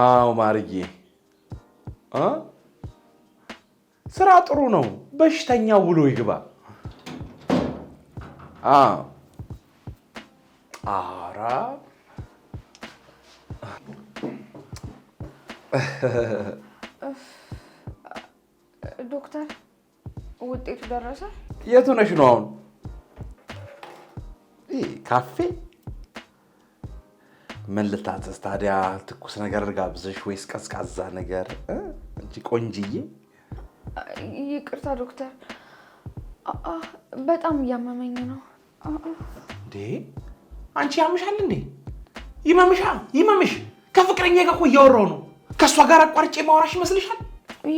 አዎ ማርዬ፣ ስራ ጥሩ ነው። በሽተኛ ውሎ ይግባ። አራ ዶክተር፣ ውጤቱ ደረሰ? የቱ ነሽ ነው አሁን? ካፌ ምን ልታዘዝ ታዲያ? ትኩስ ነገር ልጋብዝሽ ወይስ ቀዝቃዛ ነገር? እንጂ ቆንጅዬ። ይቅርታ ዶክተር፣ በጣም እያመመኝ ነው። እንዴ አንቺ ያምሻል እንዴ? ይመምሻ ይመምሽ። ከፍቅረኛ ጋር እኮ እያወራሁ ነው። ከእሷ ጋር አቋርጬ ማውራሽ ይመስልሻል?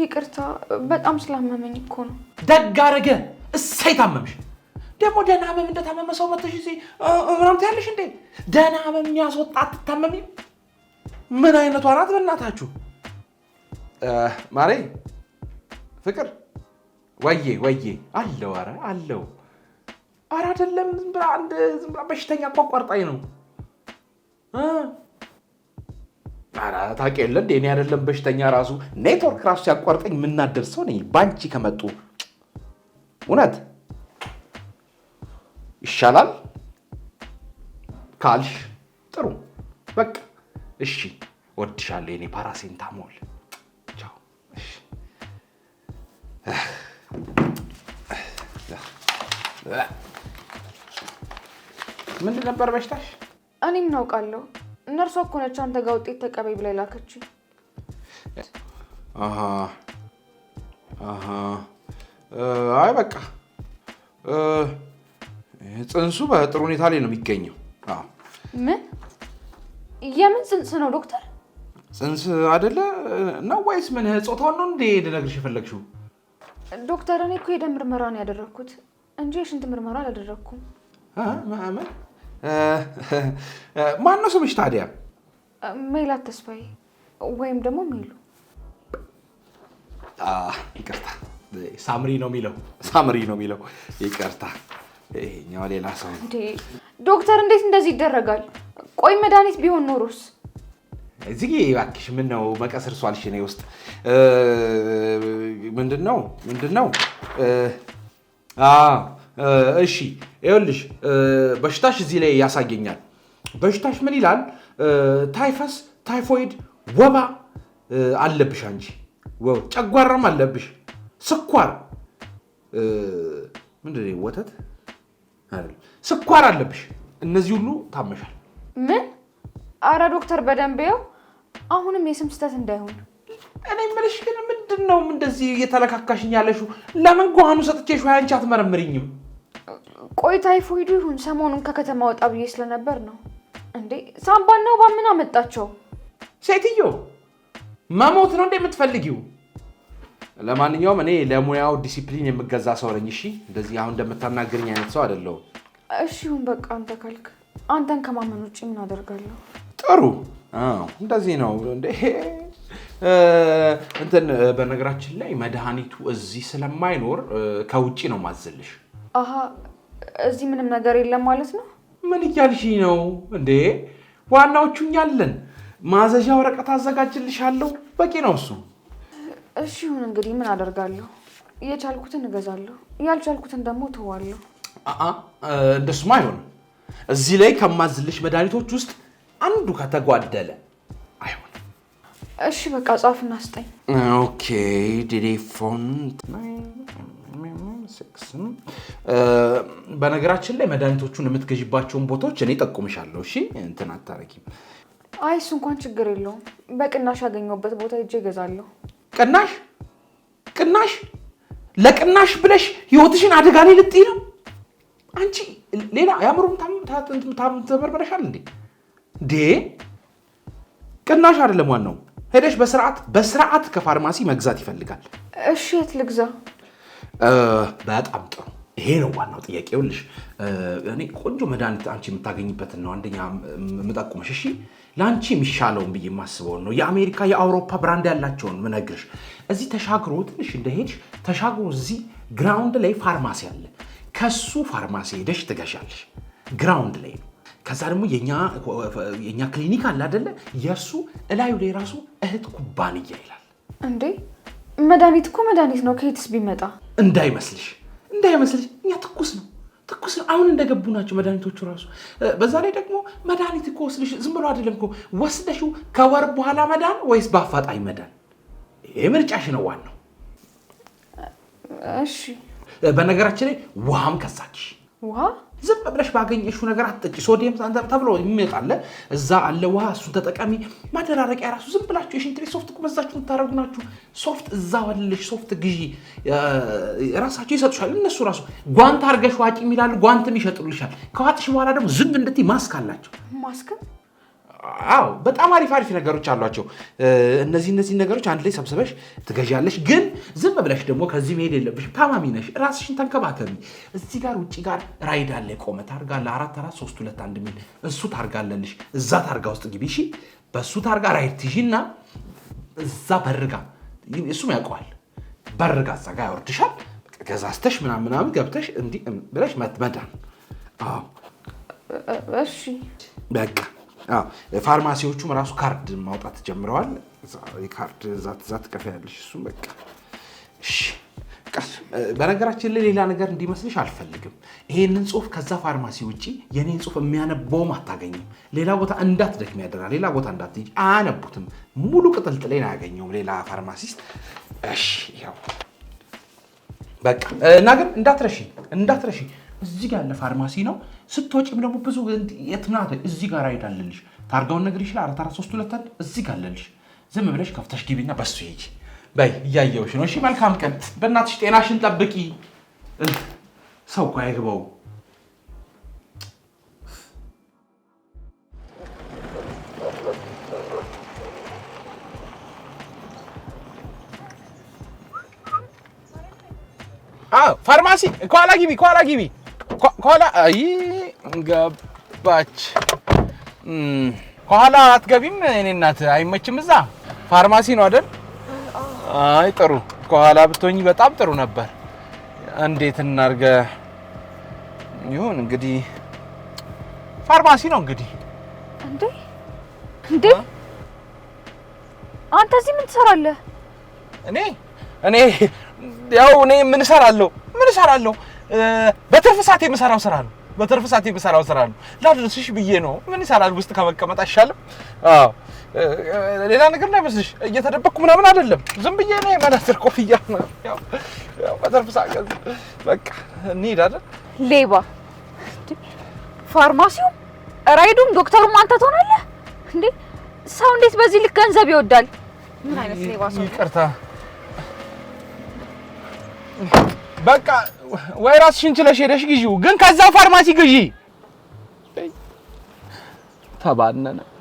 ይቅርታ፣ በጣም ስላመመኝ እኮ ነው። ደግ አደረገ። እሰይ ታመምሽ ደግሞ ደህና ህመም እንደታመመ ሰው መተሽ እዚህ ምናምን ትያለሽ እንዴ? ደህና ህመም የሚያስወጣ አትታመሚ። ምን አይነቷ ናት በእናታችሁ? ማሬ ፍቅር ወዬ ወዬ አለው። አረ አለው። አረ አይደለም፣ ዝም ብላ አንድ ዝም ብላ በሽተኛ እኮ ነው። ኧረ ታውቂ የለ እንደ እኔ አይደለም በሽተኛ ራሱ ኔትወርክ ራሱ ሲያቋርጠኝ የምናደርሰው ነኝ ባንቺ ከመጡ እውነት ይሻላል ካልሽ ጥሩ በቃ እሺ፣ ወድሻለሁ የኔ ፓራሴንታሞል። ምንድን ነበር በሽታሽ? እኔ እናውቃለሁ። እነርሷ እኮ ነች አንተ ጋር ውጤት ተቀበይ ብላ ላከችኝ። አይ በቃ ጽንሱ በጥሩ ሁኔታ ላይ ነው የሚገኘው። ምን የምን ጽንስ ነው ዶክተር? ጽንስ አይደለ ነው ወይስ ምን? ጾታውን ነው እንዴ ልነግርሽ የፈለግሽው? ዶክተር እኔ እኮ የደም ምርመራ ነው ያደረግኩት እንጂ የሽንት ምርመራ አላደረግኩም። ምን ማን ነው ስምሽ ታዲያ? ሜላት ተስፋዬ ወይም ደግሞ ሜሉ። ይቅርታ ሳምሪ ነው የሚለው ሳምሪ ነው የሚለው ይቅርታ፣ ይሄኛው ሌላ ሰው። ዶክተር እንዴት እንደዚህ ይደረጋል? ቆይ መድኃኒት ቢሆን ኖሮስ እዚህ እባክሽ፣ ምን ነው መቀስር ሷልሽ አልሽ እኔ ውስጥ ምንድን ነው ምንድን ነው? እሺ ይኸውልሽ፣ በሽታሽ እዚህ ላይ ያሳየኛል። በሽታሽ ምን ይላል? ታይፈስ፣ ታይፎይድ፣ ወባ አለብሽ አንቺ፣ ጨጓራም አለብሽ ስኳር ምንድን ነው? ወተት አይደለም፣ ስኳር አለብሽ። እነዚህ ሁሉ ታመሻል። ምን? አረ ዶክተር በደንብ ይኸው፣ አሁንም የስም ስህተት እንዳይሆን። እኔ የምልሽ ግን ምንድን ነው እንደዚህ እየተለካካሽኝ ያለሽው? ለምን ጓኑ ሰጥቼሽ አንቺ አትመረምሪኝም? ቆይ ታይፎይዱ ይሁን ሰሞኑን ከከተማ ወጣ ብዬ ስለነበር ነው። እንዴ ሳምባና ወባ ምን አመጣቸው? ሴትዮ መሞት ነው እንደ የምትፈልጊው? ለማንኛውም እኔ ለሙያው ዲሲፕሊን የምገዛ ሰው ነኝ። እሺ፣ እንደዚህ አሁን እንደምታናገርኝ አይነት ሰው አይደለሁም። እሺ፣ ይሁን በቃ አንተ ካልክ፣ አንተን ከማመን ውጭ ምን አደርጋለሁ? ጥሩ፣ እንደዚህ ነው እንትን። በነገራችን ላይ መድኃኒቱ እዚህ ስለማይኖር ከውጭ ነው ማዘልሽ። አሀ፣ እዚህ ምንም ነገር የለም ማለት ነው? ምን እያልሽ ነው እንዴ? ዋናዎቹ እኛ አለን። ማዘዣ ወረቀት አዘጋጅልሻለሁ። በቂ ነው እሱ እሺ ይሁን እንግዲህ ምን አደርጋለሁ? የቻልኩትን እገዛለሁ፣ ያልቻልኩትን ደግሞ ተዋለሁ። እንደሱማ አይሆንም። እዚህ ላይ ከማዝልሽ መድኃኒቶች ውስጥ አንዱ ከተጓደለ አይሆንም። እሺ በቃ ጻፍ እናስጠኝ። ኦኬ ቴሌፎን። በነገራችን ላይ መድኃኒቶቹን የምትገዥባቸውን ቦታዎች እኔ ጠቁምሻለሁ። እሺ እንትን አታረጊም። አይ እሱ እንኳን ችግር የለውም። በቅናሽ ያገኘሁበት ቦታ ሄጄ እገዛለሁ። ቅናሽ ቅናሽ ለቅናሽ ብለሽ ህይወትሽን አደጋ ላይ ልጥይ ነው። አንቺ ሌላ የአእምሮም ተበርበረሻል እንዴ? እንዴ ቅናሽ አይደለም ዋናው። ሄደሽ በስርዓት በስርዓት ከፋርማሲ መግዛት ይፈልጋል። እሺ የት ልግዛ? በጣም ጥሩ ይሄ ነው ዋናው ጥያቄ። ይኸውልሽ እኔ ቆንጆ መድኃኒት አንቺ የምታገኝበትን ነው አንደኛ የምጠቁመሽ። እሺ ለአንቺ የሚሻለውን ብዬ የማስበውን ነው የአሜሪካ የአውሮፓ ብራንድ ያላቸውን ምነግርሽ። እዚህ ተሻግሮ ትንሽ እንደሄድሽ ተሻግሮ እዚህ ግራውንድ ላይ ፋርማሲ አለ። ከሱ ፋርማሲ ሄደሽ ትገሻለሽ። ግራውንድ ላይ ነው። ከዛ ደግሞ የእኛ ክሊኒክ አለ አደለ? የእሱ እላዩ ላይ ራሱ እህት ኩባንያ ይላል። እንዴ መድኃኒት እኮ መድኃኒት ነው ከየትስ ቢመጣ እንዳይመስልሽ እንዳይመስልሽ እኛ ትኩስ ነው ትኩስ ነው። አሁን እንደገቡ ናቸው መድኃኒቶቹ ራሱ። በዛ ላይ ደግሞ መድኃኒት እኮ ወስደሽ ዝም ብሎ አይደለም እኮ ወስደሽው ከወር በኋላ መዳን ወይስ በአፋጣኝ መዳን? ይሄ ምርጫሽ ነው ዋናው። እሺ፣ በነገራችን ላይ ውሃም ከሳች ውሃ ዝም ብለሽ ባገኘሽው ነገር አትጠጪ። ሶዲየም ተብሎ የሚመጣለ እዛ አለ ውሃ፣ እሱን ተጠቀሚ። ማደራረቂያ ራሱ ዝም ብላችሁ የሽንት ቤት ሶፍት በዛችሁ የምታደርጉ ናችሁ። ሶፍት እዛ ዋለልሽ፣ ሶፍት ግዢ። ራሳቸው ይሰጡሻል እነሱ ራሱ። ጓንት አድርገሽ ዋጭ የሚላሉ ጓንትም ይሸጥሉሻል። ከዋጥሽ በኋላ ደግሞ ዝም እንድትይ ማስክ አላቸው አዎ በጣም አሪፍ አሪፍ ነገሮች አሏቸው። እነዚህ እነዚህ ነገሮች አንድ ላይ ሰብስበሽ ትገዣለሽ። ግን ዝም ብለሽ ደግሞ ከዚህ መሄድ የለብሽ። ታማሚ ነሽ፣ ራስሽን ተንከባከቢ። እዚህ ጋር ውጭ ጋር ራይድ አለ ቆመ ታርጋ ለአራት አራት ሶስት ሁለት አንድ ሚል እሱ ታርጋ እዛ ታርጋ ውስጥ ግቢ እሺ። በእሱ ታርጋ ራይድ ትዢና እዛ በርጋ እሱም ያውቀዋል። በርጋ እዛ ጋር ያወርድሻል። ገዛዝተሽ ምናምን ምናምን ገብተሽ እንዲህ ብለሽ መትመዳ። እሺ በቃ ፋርማሲዎቹም ራሱ ካርድ ማውጣት ጀምረዋል። ካርድ ዛት ዛት ያለሽ እሱም በቃ እሺ። በነገራችን ላይ ሌላ ነገር እንዲመስልሽ አልፈልግም። ይሄንን ጽሁፍ ከዛ ፋርማሲ ውጭ የኔን ጽሁፍ የሚያነበውም አታገኝም። ሌላ ቦታ እንዳትደክም ያደራ። ሌላ ቦታ እንዳት አያነቡትም። ሙሉ ቅጥልጥሌን አያገኘውም ሌላ ፋርማሲስት። እሺ፣ ያው በቃ እና ግን እንዳትረሺ እንዳትረሺ እዚህ ጋር ያለ ፋርማሲ ነው። ስትወጪም ደግሞ ብዙ የትናት እዚህ ጋር አይዳለልሽ ታርጋውን ነገር ይችላል። አራት አራት ሶስት ሁለት አንድ እዚህ ጋር አለልሽ። ዝም ብለሽ ከፍተሽ ግቢና በሱ ሂጂ በይ። እያየውሽ ነው። እሺ መልካም ቀን። በእናትሽ ጤናሽን ጠብቂ። ሰው እኮ አይግባው። ፋርማሲ ከኋላ ግቢ፣ ከኋላ ግቢ ከኋላ አይ ገባች። ከኋላ አትገቢም? እኔ እናት አይመችም። እዛ ፋርማሲ ነው አይደል? አይ ጥሩ። ከኋላ ብትሆኝ በጣም ጥሩ ነበር። እንዴት እናድርገ? ይሁን እንግዲህ ፋርማሲ ነው እንግዲህ። እንዴ እንዴ! አንተ እዚህ ምን ትሰራለህ? እኔ እኔ ያው እኔ ምን እሰራለሁ ምን እሰራለሁ በትርፍ ሰዓት የምሰራው ስራ ነው። በትርፍ ሰዓት የምሰራው ስራ ነው። ላድርስሽ ብዬ ነው። ምን ይሰራል ውስጥ ከመቀመጥ አይሻልም? ሌላ ነገር እንዳይመስልሽ እየተደበቅኩ ምናምን አይደለም። ዝም ብዬ ነው የመነጽር ኮፍያ ነው። በትርፍ ሰዓት በቃ እንሂድ አይደል? ሌባ ፋርማሲው፣ ራይዱም፣ ዶክተሩም አንተ ትሆናለህ እንዴ? ሰው እንዴት በዚህ ልክ ገንዘብ ይወዳል? ምን አይነት ሌባ ሰው! ይቅርታ በቃ ወይ ራስሽን ችለሽ ሄደሽ ግዢው፣ ግን ከዛ ፋርማሲ ግዢ። ተባነነ።